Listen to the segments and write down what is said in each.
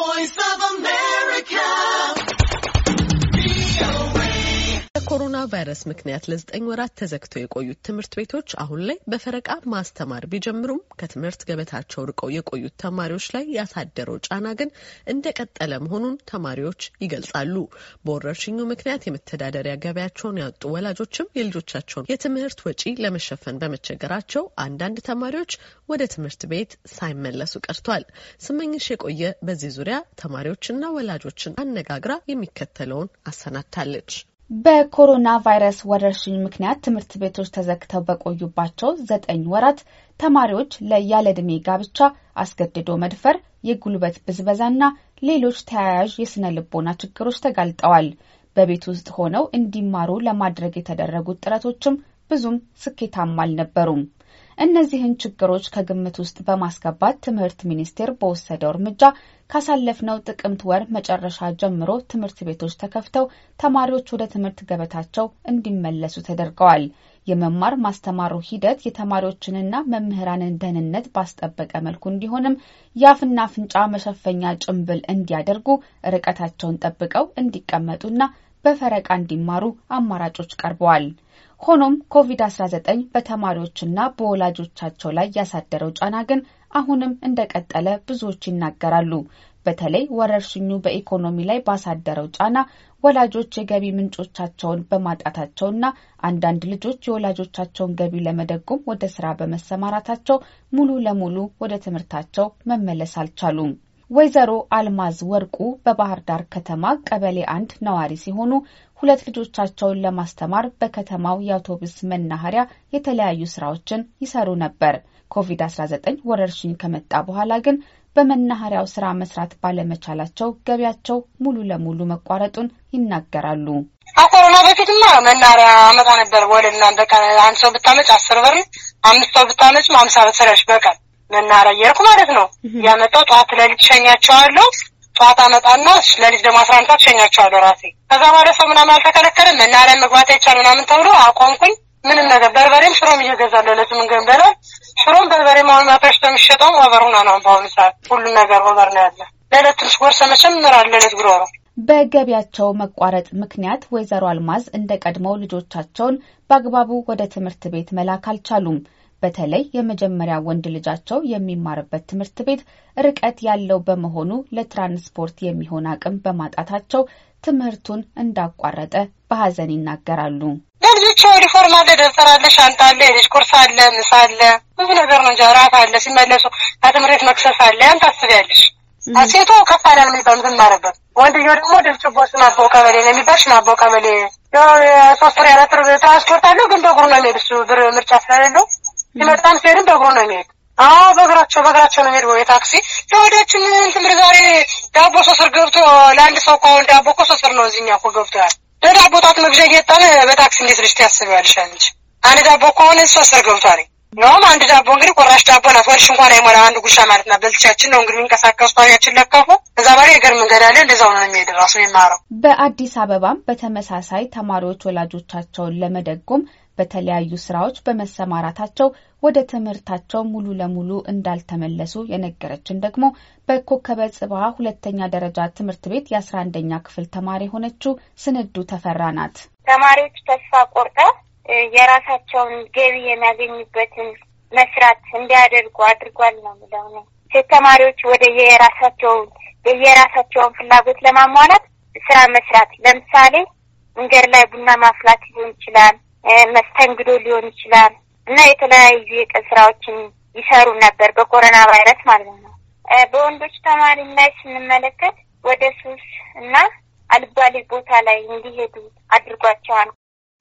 voice በኮሮና ቫይረስ ምክንያት ለዘጠኝ ወራት ተዘግተው የቆዩት ትምህርት ቤቶች አሁን ላይ በፈረቃ ማስተማር ቢጀምሩም ከትምህርት ገበታቸው ርቀው የቆዩት ተማሪዎች ላይ ያሳደረው ጫና ግን እንደቀጠለ መሆኑን ተማሪዎች ይገልጻሉ። በወረርሽኙ ምክንያት የመተዳደሪያ ገበያቸውን ያጡ ወላጆችም የልጆቻቸውን የትምህርት ወጪ ለመሸፈን በመቸገራቸው አንዳንድ ተማሪዎች ወደ ትምህርት ቤት ሳይመለሱ ቀርቷል። ስመኝሽ የቆየ በዚህ ዙሪያ ተማሪዎችና ወላጆችን አነጋግራ የሚከተለውን አሰናድታለች። በኮሮና ቫይረስ ወረርሽኝ ምክንያት ትምህርት ቤቶች ተዘግተው በቆዩባቸው ዘጠኝ ወራት ተማሪዎች ለያለዕድሜ ጋብቻ፣ አስገድዶ መድፈር፣ የጉልበት ብዝበዛና ሌሎች ተያያዥ የስነ ልቦና ችግሮች ተጋልጠዋል። በቤት ውስጥ ሆነው እንዲማሩ ለማድረግ የተደረጉት ጥረቶችም ብዙም ስኬታማ አልነበሩም። እነዚህን ችግሮች ከግምት ውስጥ በማስገባት ትምህርት ሚኒስቴር በወሰደው እርምጃ ካሳለፍነው ጥቅምት ወር መጨረሻ ጀምሮ ትምህርት ቤቶች ተከፍተው ተማሪዎች ወደ ትምህርት ገበታቸው እንዲመለሱ ተደርገዋል። የመማር ማስተማሩ ሂደት የተማሪዎችንና መምህራንን ደህንነት ባስጠበቀ መልኩ እንዲሆንም የአፍና አፍንጫ መሸፈኛ ጭንብል እንዲያደርጉ፣ ርቀታቸውን ጠብቀው እንዲቀመጡና በፈረቃ እንዲማሩ አማራጮች ቀርበዋል። ሆኖም ኮቪድ-19 በተማሪዎችና በወላጆቻቸው ላይ ያሳደረው ጫና ግን አሁንም እንደቀጠለ ብዙዎች ይናገራሉ። በተለይ ወረርሽኙ በኢኮኖሚ ላይ ባሳደረው ጫና ወላጆች የገቢ ምንጮቻቸውን በማጣታቸው እና አንዳንድ ልጆች የወላጆቻቸውን ገቢ ለመደጎም ወደ ስራ በመሰማራታቸው ሙሉ ለሙሉ ወደ ትምህርታቸው መመለስ አልቻሉም። ወይዘሮ አልማዝ ወርቁ በባህር ዳር ከተማ ቀበሌ አንድ ነዋሪ ሲሆኑ ሁለት ልጆቻቸውን ለማስተማር በከተማው የአውቶቡስ መናኸሪያ የተለያዩ ስራዎችን ይሰሩ ነበር። ኮቪድ-19 ወረርሽኝ ከመጣ በኋላ ግን በመናኸሪያው ስራ መስራት ባለመቻላቸው ገቢያቸው ሙሉ ለሙሉ መቋረጡን ይናገራሉ። ከኮሮና በፊትማ መናኸሪያ አመጣ ነበር ወደ እናን አንድ ሰው ብታመጭ አስር ብር፣ አምስት ሰው ብታመጭ አምሳ ብር በቀን መናኸሪያ እየሄድኩ ማለት ነው ያመጣው ጠዋት ለሊት ሸኛቸዋለሁ። ጠዋት አመጣና ለሊት ደግሞ አስራ አንድ ሰዓት ሸኛቸዋለሁ ራሴ። ከዛ ማለት ሰው ምናምን አልተከለከለም መናኸሪያ መግባት አይቻል ምናምን ተብሎ አቆምኩኝ። ምንም ነገር በርበሬም ሽሮም እየገዛለሁ ለዚህ ምንገን በላል ሽሮም በርበሬ ማሆን ማፈሽ በሚሸጠውም ኦቨር ሁና ነው። በአሁኑ ሰዓት ሁሉም ነገር ኦቨር ነው ያለ ለዕለት ትንሽ ጎርሰ መቼም ምራል ለለት ግሮ ነው። በገቢያቸው መቋረጥ ምክንያት ወይዘሮ አልማዝ እንደ ቀድሞው ልጆቻቸውን በአግባቡ ወደ ትምህርት ቤት መላክ አልቻሉም። በተለይ የመጀመሪያ ወንድ ልጃቸው የሚማርበት ትምህርት ቤት ርቀት ያለው በመሆኑ ለትራንስፖርት የሚሆን አቅም በማጣታቸው ትምህርቱን እንዳቋረጠ በሀዘን ይናገራሉ። ለልጆቹ ዩኒፎርም አለ፣ ደብተር አለ፣ ሻንጣ አለ፣ የልጅ ቁርስ አለ፣ ምሳ አለ፣ ብዙ ነገር ነው። ጀራት አለ፣ ሲመለሱ ከትምህርት ቤት መክሰስ አለ። ያን ታስቢያለሽ። ሴቶ ከፋላ ነው የሚባል ማረበት፣ ወንድየው ደግሞ ድብጭቦ ሽናቦ ቀበሌ ነው የሚባል ሽናቦ ቀበሌ ሶስት ወር ያለ ትራንስፖርት አለው፣ ግን በእግሩ ነው የሚሄድ እሱ ብር ምርጫ ስለሌለው የመጣን ሲሄድም በእግሩ ነው የሚሄድ። አዎ በእግራቸው በእግራቸው ነው የሚሄድ። ወይ ታክሲ ለወዳችን ትምህር ዛሬ ዳቦ ሶስር ገብቶ ለአንድ ሰው ከሆን ዳቦ እኮ ሶስር ነው እዚህኛ እኮ ገብቷል። ለዳቦ ጣት መግዣ እየጣለ በታክሲ እንዴት ልጅ ያስበዋልሻል እንጂ አንድ ዳቦ ከሆነ ሶስር ገብቷል። ነውም አንድ ዳቦ እንግዲህ ቆራሽ ዳቦ ናት። ወርሽ እንኳን አይሞላ አንድ ጉርሻ ማለት ናት። በልቻችን ነው እንግዲህ የሚንቀሳቀሱ ታሪያችን ለካፉ እዛ ባሪ የገር መንገድ ያለ እንደዛ ሆነ የሚሄድ ራሱ የማረው። በአዲስ አበባም በተመሳሳይ ተማሪዎች ወላጆቻቸውን ለመደጎም በተለያዩ ስራዎች በመሰማራታቸው ወደ ትምህርታቸው ሙሉ ለሙሉ እንዳልተመለሱ የነገረችን ደግሞ በኮከበ ጽባ ሁለተኛ ደረጃ ትምህርት ቤት የአስራ አንደኛ ክፍል ተማሪ የሆነችው ስንዱ ተፈራ ናት። ተማሪዎች ተስፋ ቆርጠው የራሳቸውን ገቢ የሚያገኙበትን መስራት እንዲያደርጉ አድርጓል ነው ምለው ነው። ሴት ተማሪዎች ወደ የራሳቸውን የየራሳቸውን ፍላጎት ለማሟላት ስራ መስራት፣ ለምሳሌ መንገድ ላይ ቡና ማፍላት ሊሆን ይችላል፣ መስተንግዶ ሊሆን ይችላል እና የተለያዩ የቀን ስራዎችን ይሰሩ ነበር በኮሮና ቫይረስ ማለት ነው። በወንዶች ተማሪ ላይ ስንመለከት ወደ ሱስ እና አልባሌ ቦታ ላይ እንዲሄዱ አድርጓቸዋል።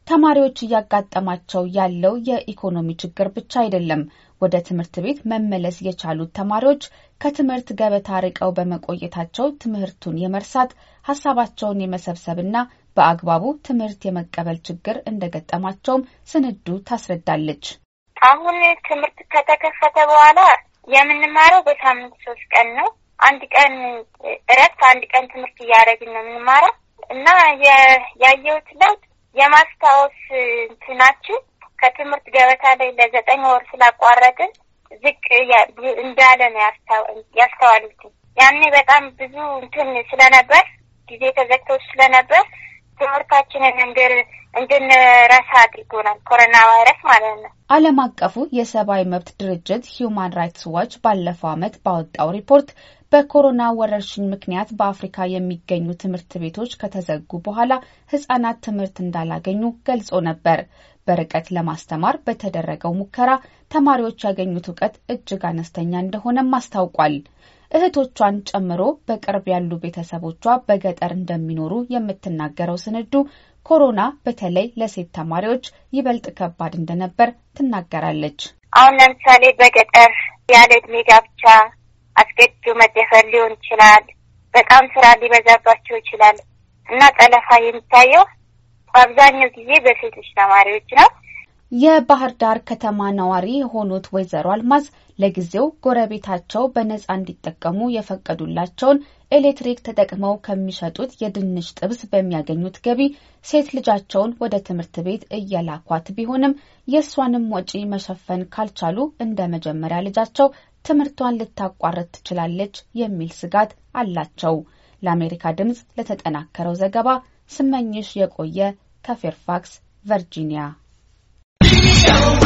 ተማሪዎች እያጋጠማቸው ያለው የኢኮኖሚ ችግር ብቻ አይደለም። ወደ ትምህርት ቤት መመለስ የቻሉት ተማሪዎች ከትምህርት ገበታ ርቀው በመቆየታቸው ትምህርቱን የመርሳት ሀሳባቸውን የመሰብሰብና በአግባቡ ትምህርት የመቀበል ችግር እንደገጠማቸውም ስንዱ ታስረዳለች። አሁን ትምህርት ከተከፈተ በኋላ የምንማረው በሳምንት ሶስት ቀን ነው። አንድ ቀን እረፍት፣ አንድ ቀን ትምህርት እያደረግን ነው የምንማረው እና ያየሁት ለውጥ የማስታወስ እንትናችን ከትምህርት ገበታ ላይ ለዘጠኝ ወር ስላቋረጥን ዝቅ እንዳለ ነው ያስተዋሉት። ያኔ በጣም ብዙ እንትን ስለነበር ጊዜ ተዘግተው ስለነበር ትምህርታችንን እንድንረሳ አድርጎናል። ኮሮና ቫይረስ ማለት ነው። ዓለም አቀፉ የሰብአዊ መብት ድርጅት ሂዩማን ራይትስ ዋች ባለፈው ዓመት ባወጣው ሪፖርት በኮሮና ወረርሽኝ ምክንያት በአፍሪካ የሚገኙ ትምህርት ቤቶች ከተዘጉ በኋላ ህጻናት ትምህርት እንዳላገኙ ገልጾ ነበር። በርቀት ለማስተማር በተደረገው ሙከራ ተማሪዎች ያገኙት እውቀት እጅግ አነስተኛ እንደሆነም አስታውቋል። እህቶቿን ጨምሮ በቅርብ ያሉ ቤተሰቦቿ በገጠር እንደሚኖሩ የምትናገረው ስንዱ ኮሮና በተለይ ለሴት ተማሪዎች ይበልጥ ከባድ እንደነበር ትናገራለች። አሁን ለምሳሌ በገጠር ያለ እድሜ ጋብቻ አስገድዶ መደፈር ሊሆን ይችላል። በጣም ስራ ሊበዛባቸው ይችላል እና ጠለፋ የሚታየው በአብዛኛው ጊዜ በሴቶች ተማሪዎች ነው። የባህር ዳር ከተማ ነዋሪ የሆኑት ወይዘሮ አልማዝ ለጊዜው ጎረቤታቸው በነጻ እንዲጠቀሙ የፈቀዱላቸውን ኤሌክትሪክ ተጠቅመው ከሚሸጡት የድንች ጥብስ በሚያገኙት ገቢ ሴት ልጃቸውን ወደ ትምህርት ቤት እየላኳት ቢሆንም የእሷንም ወጪ መሸፈን ካልቻሉ እንደ መጀመሪያ ልጃቸው ትምህርቷን ልታቋርጥ ትችላለች የሚል ስጋት አላቸው። ለአሜሪካ ድምፅ ለተጠናከረው ዘገባ ስመኝሽ የቆየ ከፌርፋክስ ቨርጂኒያ Show